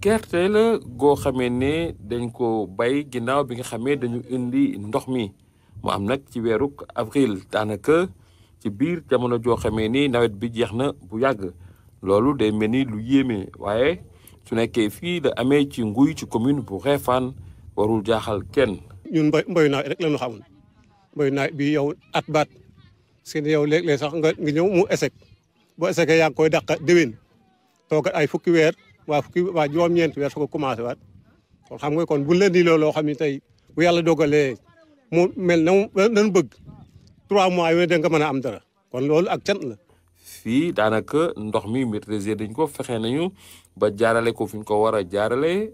gerte la goo xamee ne dañ ko bay ginnaaw bi nga xamee dañu indi ndox mi mu am nag ci weeruk avril daanaka ci biir jamono joo xamee ni nawet bi jeex na bu yàgg loolu day mel ni lu yéeme waaye su nekkee fii la amee ci nguy ci commune bu Réfane warul jaaxal kenn. ñun mbay mbayu nawet rek la ñu xamul mbayu nawet bi yow at baat si yow léeg-léeg sax nga ñëw mu échec bu échecee yaa ngi koy dàq déwén toogat ay fukki weer. waa fukki waa juróom-ñeenti weer su ko commencé waat kon xam nga kon bu leen di looloo xam ne tey bu yàlla dogalee mu mel na mu bëgg trois mois yooyu da nga mën a am dara kon loolu ak cant la. fii daanaka ndox mi maîtriser dañ ko fexe nañu ba jaarale ko fi ñu ko war a jaarale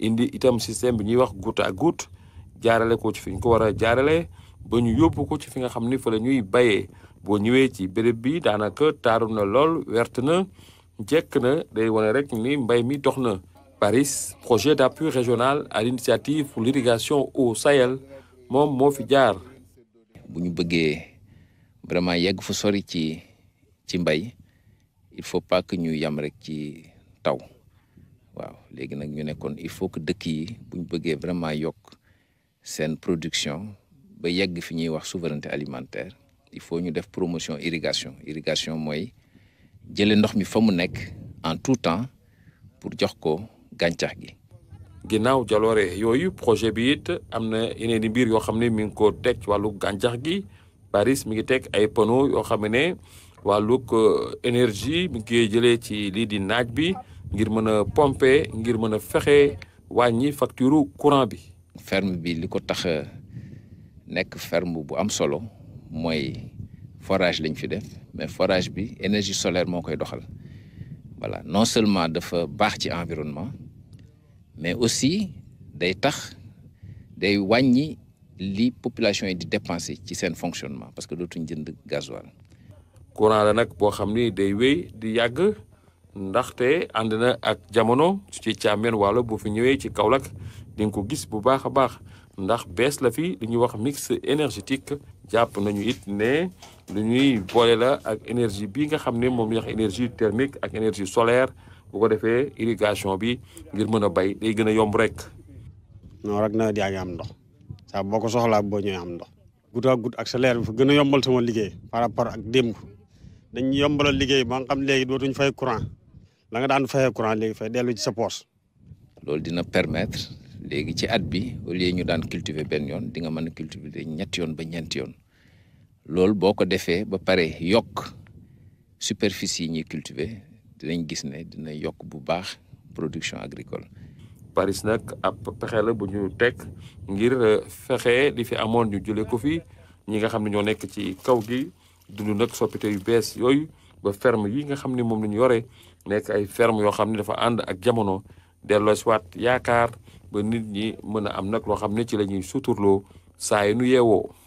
indi itam système bi ñuy wax goutte à goutte jaarale ko ci fi ko war a jaarale ba ñu yóbbu ko ci fi nga xam ni fa la ñuy bayee boo ñëwee ci béréb bi daanaka taaru na lool wert na. jekk na day wane rek ni mbay mi dox na Paris projet d'appui régional à l'initiative pour l'irrigation au Sahel moom moo fi jaar bu ñu bëggee vraiment yegg fu sori ci ci mbay il faut pas que ñu yam rek ci taw waaw léegi nag ñu nekkoon il faut que dëkk yi bu ñu bëggee vraiment yokk seen production ba yegg fi ñuy wax souveraineté alimentaire il faut ñu def promotion irrigation irrigation mooy jële ndox mi fa mu nekk en tout temps pour jox ko gàncax gi ginnaaw jaloore yooyu projet bi it am na yeneen i yoo xam ne mi ngi ko teg ci wàllu gàncax gi Paris mi ngi teg ay panneaux yoo xam ne wàllug euh, énergie mi ngi koy jëlee ci lii di naaj bi ngir mën a pomper ngir mën a fexe wàññi facture courant bi ferme bi li ko tax nekk ferme bu am solo mooy forage lañ fi def mais forage bi énergie solaire moo koy doxal voilà non seulement dafa baax ci environnement mais aussi day tax day wàññi li population yi di dépenser ci seen fonctionnement parce que dootuñ jënd gasoil. courant la nag boo xam ni day wéy di yàgg ndaxte ànd na ak jamono ci càmmeen wàll boo fi ñëwee ci Kaolack di nga ko gis bu baax a baax ndax bees la fi li ñuy wax mix énergétique jàpp nañu it ne. lu ñuy boole ak énergie bi nga xam ne moom ñuy wax énergie thermique ak énergie solaire bu ko defee irrigation bi ngir mën a bay day gën a yomb rek. non rek nawet yaa ngi am ndox saa boo ko soxlaa boo ñëwee am ndox. goutte à goutte ak solaire bi fa gën a yombal sama liggéey par rapport ak démb dañ a liggéey ba nga xam léegi dootuñ fay courant la nga daan fayee courant léegi fay dellu ci sa poche. loolu dina permetre léegi ci at bi au lieu ñu daan cultiver benn yoon di nga mën a cultiver ñetti yoon ba ñeenti yoon. loolu boo ko defee ba pare yokk superficie yi ñuy cultiver dinañ gis ne dina yokk bu baax production agricole Paris nag ab pexe la bu ñu teg ngir euh, fexe di fi amoon ñu jëlee ko fi ñi nga xam ne ñoo nekk ci kaw gi dund nag soppite yu bees yooyu ba ferme yi nga xam ni moom la ñu yore nekk ay ferme yoo xam ne dafa ànd ak jamono delloo siwaat yaakaar ba nit ñi mën a am nag loo xam ne ci la ñuy suturloo saa yi nu yeewoo